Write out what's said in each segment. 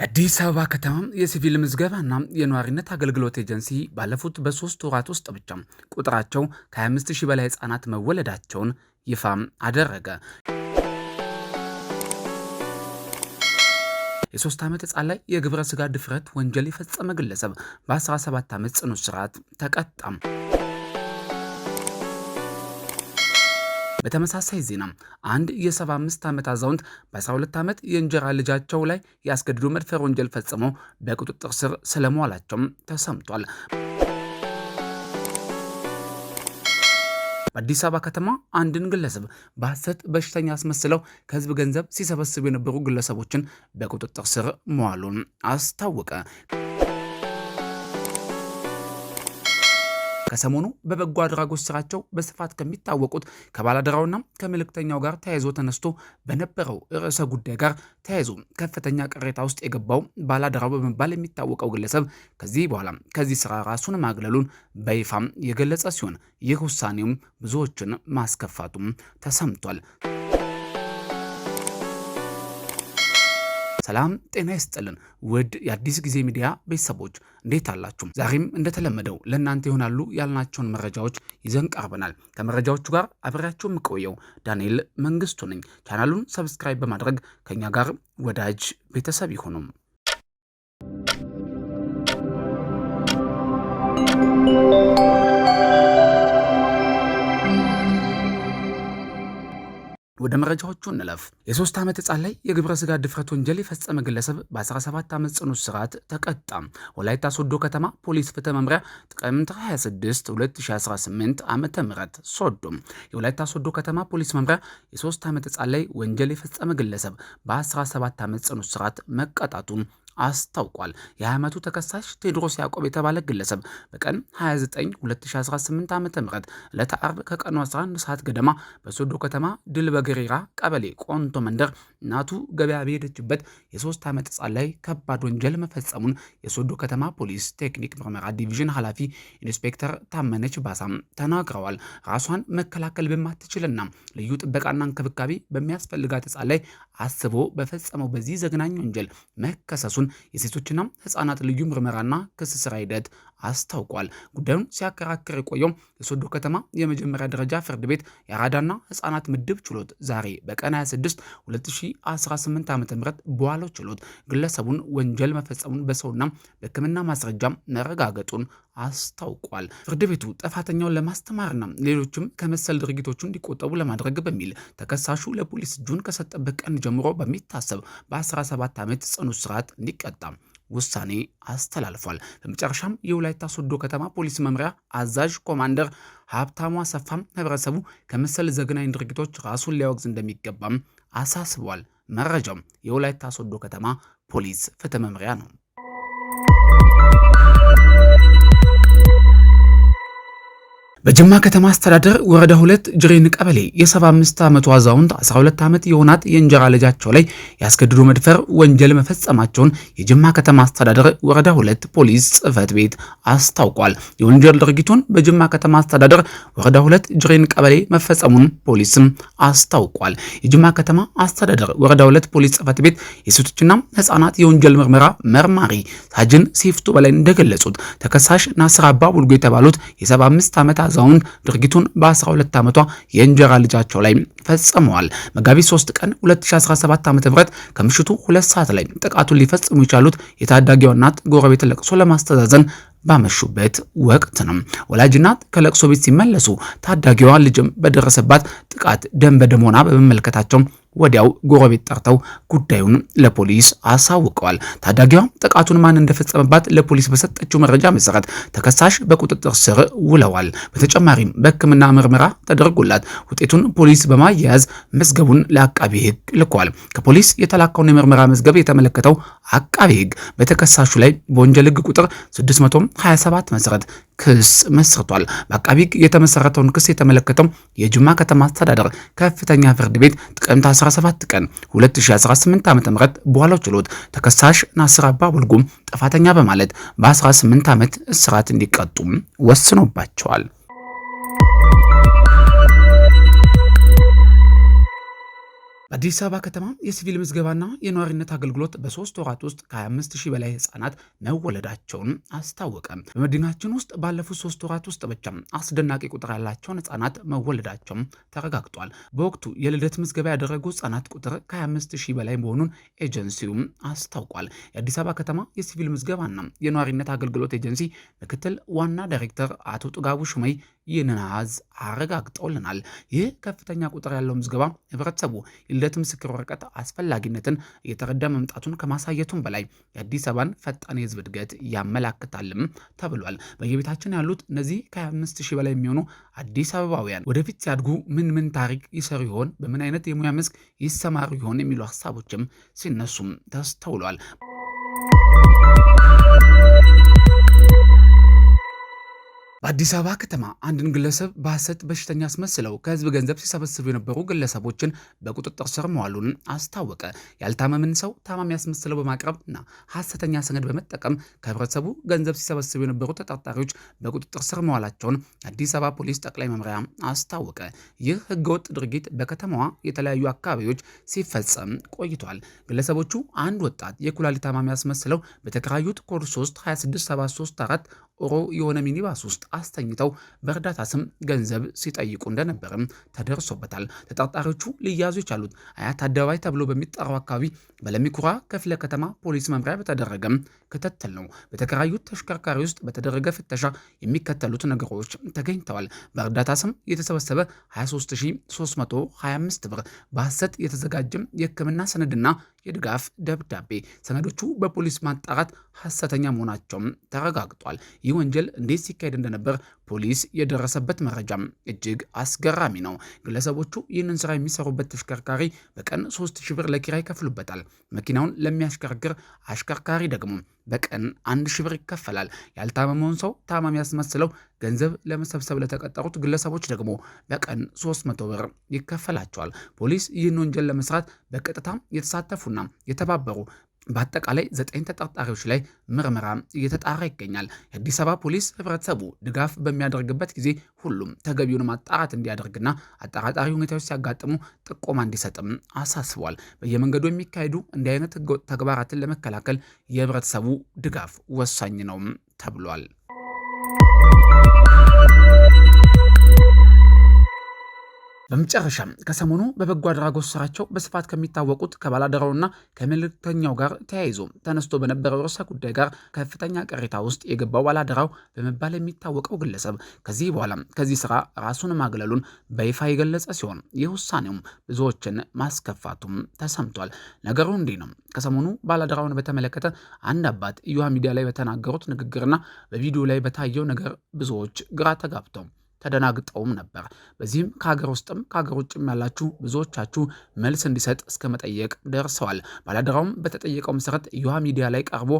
የአዲስ አበባ ከተማ የሲቪል ምዝገባና የነዋሪነት አገልግሎት ኤጀንሲ ባለፉት በሶስት ወራት ውስጥ ብቻ ቁጥራቸው ከ25 ሺህ በላይ ህጻናት መወለዳቸውን ይፋ አደረገ። የሶስት ዓመት ህፃን ላይ የግብረ ስጋ ድፍረት ወንጀል የፈጸመ ግለሰብ በ17 ዓመት ጽኑ እስራት ተቀጣም። በተመሳሳይ ዜና አንድ የ75 ዓመት አዛውንት በ12 ዓመት የእንጀራ ልጃቸው ላይ ያስገድዶ መድፈር ወንጀል ፈጽመው በቁጥጥር ስር ስለመዋላቸውም ተሰምቷል። በአዲስ አበባ ከተማ አንድን ግለሰብ በሐሰት በሽተኛ አስመስለው ከህዝብ ገንዘብ ሲሰበስቡ የነበሩ ግለሰቦችን በቁጥጥር ስር መዋሉን አስታወቀ። ከሰሞኑ በበጎ አድራጎት ስራቸው በስፋት ከሚታወቁት ከባላደራውና ከመልእክተኛው ጋር ተያይዞ ተነስቶ በነበረው ርዕሰ ጉዳይ ጋር ተያይዞ ከፍተኛ ቅሬታ ውስጥ የገባው ባላደራው በመባል የሚታወቀው ግለሰብ ከዚህ በኋላ ከዚህ ስራ ራሱን ማግለሉን በይፋም የገለጸ ሲሆን ይህ ውሳኔውም ብዙዎችን ማስከፋቱም ተሰምቷል። ሰላም ጤና ይስጥልን ውድ የአዲስ ጊዜ ሚዲያ ቤተሰቦች እንዴት አላችሁ? ዛሬም እንደተለመደው ለእናንተ ይሆናሉ ያልናቸውን መረጃዎች ይዘን ቀርበናል። ከመረጃዎቹ ጋር አብሬያችሁ የምቆየው ዳንኤል መንግስቱ ነኝ። ቻናሉን ሰብስክራይብ በማድረግ ከእኛ ጋር ወዳጅ ቤተሰብ ይሁኑም። you ወደ መረጃዎቹ እንለፍ። የሶስት ዓመት ሕፃን ላይ የግብረ ስጋ ድፍረት ወንጀል የፈጸመ ግለሰብ በ17 ዓመት ጽኑ እስራት ተቀጣ። ወላይታ ሶዶ ከተማ ፖሊስ ፍትህ መምሪያ ጥቅምት 26 2018 ዓ ም ሶዶ የወላይታ ሶዶ ከተማ ፖሊስ መምሪያ የሶስት ዓመት ሕፃን ላይ ወንጀል የፈጸመ ግለሰብ በ17 ዓመት ጽኑ እስራት መቀጣቱን አስታውቋል። የ20 ዓመቱ ተከሳሽ ቴዎድሮስ ያዕቆብ የተባለ ግለሰብ በቀን 29 2018 ዓ ም ዕለተ ከቀኑ 11 ሰዓት ገደማ በሶዶ ከተማ ድል በገሬራ ቀበሌ ቆንቶ መንደር እናቱ ገበያ በሄደችበት የሶስት ዓመት ሕፃን ላይ ከባድ ወንጀል መፈጸሙን የሶዶ ከተማ ፖሊስ ቴክኒክ ምርመራ ዲቪዥን ኃላፊ ኢንስፔክተር ታመነች ባሳም ተናግረዋል። ራሷን መከላከል በማትችልና ልዩ ጥበቃና እንክብካቤ በሚያስፈልጋት ሕፃን ላይ አስቦ በፈጸመው በዚህ ዘግናኝ ወንጀል መከሰሱን የሴቶችና ህጻናት ልዩ ምርመራና ክስ ስራ ሂደት አስታውቋል። ጉዳዩን ሲያከራክር የቆየው የሶዶ ከተማ የመጀመሪያ ደረጃ ፍርድ ቤት የአራዳና ህጻናት ምድብ ችሎት ዛሬ በቀን 26 2018 ዓ ም በዋለው ችሎት ግለሰቡን ወንጀል መፈጸሙን በሰውና በህክምና ማስረጃም መረጋገጡን አስታውቋል። ፍርድ ቤቱ ጥፋተኛውን ለማስተማርና ሌሎችም ከመሰል ድርጊቶቹ እንዲቆጠቡ ለማድረግ በሚል ተከሳሹ ለፖሊስ እጁን ከሰጠበት ቀን ጀምሮ በሚታሰብ በ17 ዓመት ጽኑ እስራት እንዲቀጣም ውሳኔ አስተላልፏል። በመጨረሻም የወላይታ ሶዶ ከተማ ፖሊስ መምሪያ አዛዥ ኮማንደር ሀብታሙ አሰፋም ህብረተሰቡ ከመሰል ዘግናኝ ድርጊቶች ራሱን ሊያወግዝ እንደሚገባም አሳስቧል። መረጃው የወላይታ ሶዶ ከተማ ፖሊስ ፍትህ መምሪያ ነው። በጅማ ከተማ አስተዳደር ወረዳ ሁለት ጅሬን ቀበሌ የ75 ዓመቱ አዛውንት 12 ዓመት የሆናት የእንጀራ ልጃቸው ላይ ያስገድዶ መድፈር ወንጀል መፈጸማቸውን የጅማ ከተማ አስተዳደር ወረዳ ሁለት ፖሊስ ጽህፈት ቤት አስታውቋል። የወንጀል ድርጊቱን በጅማ ከተማ አስተዳደር ወረዳ ሁለት ጅሬን ቀበሌ መፈጸሙን ፖሊስም አስታውቋል። የጅማ ከተማ አስተዳደር ወረዳ ሁለት ፖሊስ ጽሕፈት ቤት የሴቶችና ህጻናት የወንጀል ምርመራ መርማሪ ሳጅን ሴፍቱ በላይ እንደገለጹት ተከሳሽ ናስር አባ ቡልጎ የተባሉት የ75 ዓመት አዛውንት ድርጊቱን በ12 ዓመቷ የእንጀራ ልጃቸው ላይ ፈጽመዋል። መጋቢት 3 ቀን 2017 ዓ.ም ከምሽቱ ሁለት ሰዓት ላይ ጥቃቱን ሊፈጽሙ የቻሉት የታዳጊዋ እናት ጎረቤት ለቅሶ ለማስተዛዘን ባመሹበት ወቅት ነው። ወላጅ እናት ከለቅሶ ቤት ሲመለሱ ታዳጊዋ ልጅም በደረሰባት ጥቃት ደም በደም ሆና በመመልከታቸው ወዲያው ጎረቤት ጠርተው ጉዳዩን ለፖሊስ አሳውቀዋል። ታዳጊዋ ጥቃቱን ማን እንደፈጸመባት ለፖሊስ በሰጠችው መረጃ መሰረት ተከሳሽ በቁጥጥር ስር ውለዋል። በተጨማሪም በሕክምና ምርመራ ተደርጎላት ውጤቱን ፖሊስ በማያያዝ መዝገቡን ለአቃቢ ሕግ ልኳል። ከፖሊስ የተላከውን የምርመራ መዝገብ የተመለከተው አቃቢ ሕግ በተከሳሹ ላይ በወንጀል ሕግ ቁጥር 627 መሰረት ክስ መስርቷል። በአቃቢ የተመሰረተውን ክስ የተመለከተው የጅማ ከተማ አስተዳደር ከፍተኛ ፍርድ ቤት ጥቅምት 17 ቀን 2018 ዓ.ም በኋላው ችሎት ተከሳሽ ናስር አባ ጥፋተኛ በማለት በ18 ዓመት እስራት እንዲቀጡም ወስኖባቸዋል። በአዲስ አበባ ከተማ የሲቪል ምዝገባና የነዋሪነት አገልግሎት በሶስት ወራት ውስጥ ከ25 ሺህ በላይ ህጻናት መወለዳቸውን አስታወቀ። በመዲናችን ውስጥ ባለፉት ሶስት ወራት ውስጥ ብቻ አስደናቂ ቁጥር ያላቸውን ህጻናት መወለዳቸውም ተረጋግጧል። በወቅቱ የልደት ምዝገባ ያደረጉ ህጻናት ቁጥር ከ25 ሺህ በላይ መሆኑን ኤጀንሲውም አስታውቋል። የአዲስ አበባ ከተማ የሲቪል ምዝገባና የነዋሪነት አገልግሎት ኤጀንሲ ምክትል ዋና ዳይሬክተር አቶ ጥጋቡ ሹመይ ይህንን አሃዝ አረጋግጠውልናል። ይህ ከፍተኛ ቁጥር ያለው ምዝገባ ህብረተሰቡ የልደት ምስክር ወረቀት አስፈላጊነትን እየተረዳ መምጣቱን ከማሳየቱም በላይ የአዲስ አበባን ፈጣን የህዝብ እድገት ያመላክታልም ተብሏል። በየቤታችን ያሉት እነዚህ ከ25 ሺህ በላይ የሚሆኑ አዲስ አበባውያን ወደፊት ሲያድጉ ምን ምን ታሪክ ይሰሩ ይሆን? በምን አይነት የሙያ መስክ ይሰማሩ ይሆን? የሚሉ ሀሳቦችም ሲነሱም ተስተውሏል። አዲስ አበባ ከተማ አንድን ግለሰብ በሐሰት በሽተኛ አስመስለው ከህዝብ ገንዘብ ሲሰበስቡ የነበሩ ግለሰቦችን በቁጥጥር ስር መዋሉን አስታወቀ። ያልታመምን ሰው ታማሚ አስመስለው በማቅረብ እና ሐሰተኛ ሰነድ በመጠቀም ከህብረተሰቡ ገንዘብ ሲሰበስቡ የነበሩ ተጠርጣሪዎች በቁጥጥር ስር መዋላቸውን አዲስ አበባ ፖሊስ ጠቅላይ መምሪያ አስታወቀ። ይህ ህገወጥ ድርጊት በከተማዋ የተለያዩ አካባቢዎች ሲፈጸም ቆይቷል። ግለሰቦቹ አንድ ወጣት የኩላሊት ታማሚ አስመስለው በተከራዩት ኮድ 3 26 ኦሮ የሆነ ሚኒባስ ውስጥ አስተኝተው በእርዳታ ስም ገንዘብ ሲጠይቁ እንደነበርም ተደርሶበታል። ተጠርጣሪዎቹ ሊያዙ የቻሉት አያት አደባባይ ተብሎ በሚጠራው አካባቢ በለሚኩራ ክፍለ ከተማ ፖሊስ መምሪያ በተደረገም ክትትል ነው። በተከራዩት ተሽከርካሪ ውስጥ በተደረገ ፍተሻ የሚከተሉት ነገሮች ተገኝተዋል። በእርዳታ ስም የተሰበሰበ 23325 ብር፣ በሐሰት የተዘጋጀም የሕክምና ሰነድና የድጋፍ ደብዳቤ ሰነዶቹ በፖሊስ ማጣራት ሐሰተኛ መሆናቸውም ተረጋግጧል። ይህ ወንጀል እንዴት ሲካሄድ እንደነበር ፖሊስ የደረሰበት መረጃም እጅግ አስገራሚ ነው። ግለሰቦቹ ይህንን ስራ የሚሰሩበት ተሽከርካሪ በቀን 3000 ብር ለኪራይ ይከፍሉበታል። መኪናውን ለሚያሽከርክር አሽከርካሪ ደግሞ በቀን አንድ ሺህ ብር ይከፈላል። ያልታመመውን ሰው ታማሚ ያስመስለው ገንዘብ ለመሰብሰብ ለተቀጠሩት ግለሰቦች ደግሞ በቀን 300 ብር ይከፈላቸዋል። ፖሊስ ይህን ወንጀል ለመስራት በቀጥታም የተሳተፉና የተባበሩ በአጠቃላይ ዘጠኝ ተጠርጣሪዎች ላይ ምርመራ እየተጣራ ይገኛል። የአዲስ አበባ ፖሊስ ህብረተሰቡ ድጋፍ በሚያደርግበት ጊዜ ሁሉም ተገቢውን ማጣራት እንዲያደርግና አጠራጣሪ ሁኔታዎች ሲያጋጥሙ ጥቆማ እንዲሰጥም አሳስቧል። በየመንገዱ የሚካሄዱ እንዲህ አይነት ህገወጥ ተግባራትን ለመከላከል የህብረተሰቡ ድጋፍ ወሳኝ ነው ተብሏል። በመጨረሻም ከሰሞኑ በበጎ አድራጎት ስራቸው በስፋት ከሚታወቁት ከባላደራውና ከመልእክተኛው ጋር ተያይዞ ተነስቶ በነበረው ርዕሰ ጉዳይ ጋር ከፍተኛ ቅሬታ ውስጥ የገባው ባላደራው በመባል የሚታወቀው ግለሰብ ከዚህ በኋላ ከዚህ ስራ ራሱን ማግለሉን በይፋ የገለጸ ሲሆን ይህ ውሳኔውም ብዙዎችን ማስከፋቱም ተሰምቷል። ነገሩ እንዲህ ነው። ከሰሞኑ ባላደራውን በተመለከተ አንድ አባት ዩሃ ሚዲያ ላይ በተናገሩት ንግግርና በቪዲዮ ላይ በታየው ነገር ብዙዎች ግራ ተጋብተው ተደናግጠውም ነበር። በዚህም ከሀገር ውስጥም ከሀገር ውጭም ያላችሁ ብዙዎቻችሁ መልስ እንዲሰጥ እስከ መጠየቅ ደርሰዋል። ባላደራውም በተጠየቀው መሰረት ዩሃ ሚዲያ ላይ ቀርቦ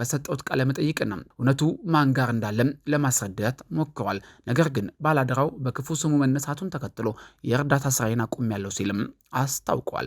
በሰጠውት ቃለ ነው እውነቱ ማን ጋር እንዳለም ለማስረዳት ሞክሯል። ነገር ግን ባላደራው በክፉ ስሙ መነሳቱን ተከትሎ የእርዳታ ስራዬን ያለው ሲልም አስታውቋል።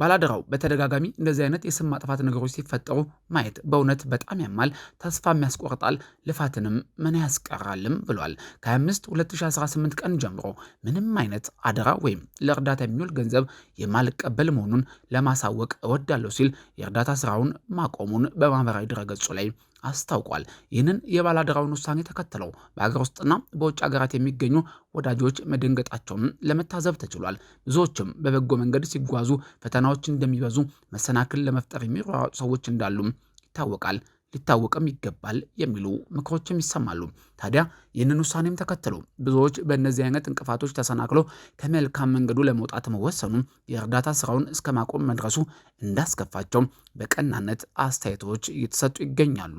ባላደራው በተደጋጋሚ እንደዚህ አይነት የስም ማጥፋት ነገሮች ሲፈጠሩ ማየት በእውነት በጣም ያማል፣ ተስፋም ያስቆርጣል፣ ልፋትንም ምን ያስቀራልም ብሏል። ከ25 2018 ቀን ጀምሮ ምንም አይነት አደራ ወይም ለእርዳታ የሚውል ገንዘብ የማልቀበል መሆኑን ለማሳወቅ እወዳለሁ ሲል የእርዳታ ስራውን ማቆሙን በማህበራዊ ድረገጹ ላይ አስታውቋል። ይህንን የባለአደራውን ውሳኔ ተከትለው በሀገር ውስጥና በውጭ ሀገራት የሚገኙ ወዳጆች መደንገጣቸውን ለመታዘብ ተችሏል። ብዙዎችም በበጎ መንገድ ሲጓዙ ፈተናዎች እንደሚበዙ መሰናክል ለመፍጠር የሚሯሯጡ ሰዎች እንዳሉም ይታወቃል። ሊታወቅም ይገባል የሚሉ ምክሮችም ይሰማሉ። ታዲያ ይህንን ውሳኔም ተከትሎ ብዙዎች በእነዚህ አይነት እንቅፋቶች ተሰናክለው ከመልካም መንገዱ ለመውጣት መወሰኑ የእርዳታ ስራውን እስከ ማቆም መድረሱ እንዳስከፋቸው በቀናነት አስተያየቶች እየተሰጡ ይገኛሉ።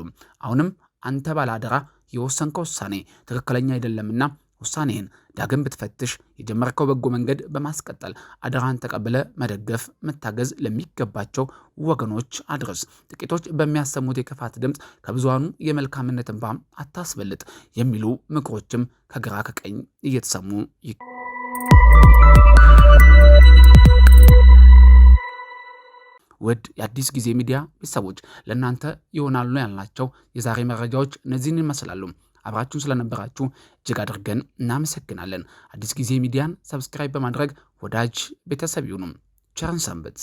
አሁንም አንተ ባላደራ የወሰንከ ውሳኔ ትክክለኛ አይደለምና ውሳኔህን ዳግም ብትፈትሽ የጀመርከው በጎ መንገድ በማስቀጠል አደራን ተቀብለ መደገፍ፣ መታገዝ ለሚገባቸው ወገኖች አድረስ። ጥቂቶች በሚያሰሙት የክፋት ድምፅ ከብዙሃኑ የመልካምነት እንባም አታስበልጥ የሚሉ ምክሮችም ከግራ ከቀኝ እየተሰሙ ይ ውድ የአዲስ ጊዜ ሚዲያ ቤተሰቦች ለእናንተ ይሆናሉ ያልናቸው የዛሬ መረጃዎች እነዚህን ይመስላሉ። አብራችሁን ስለነበራችሁ እጅግ አድርገን እናመሰግናለን። አዲስ ጊዜ ሚዲያን ሰብስክራይብ በማድረግ ወዳጅ ቤተሰብ ይሁኑም። ቸርን ሰንብት።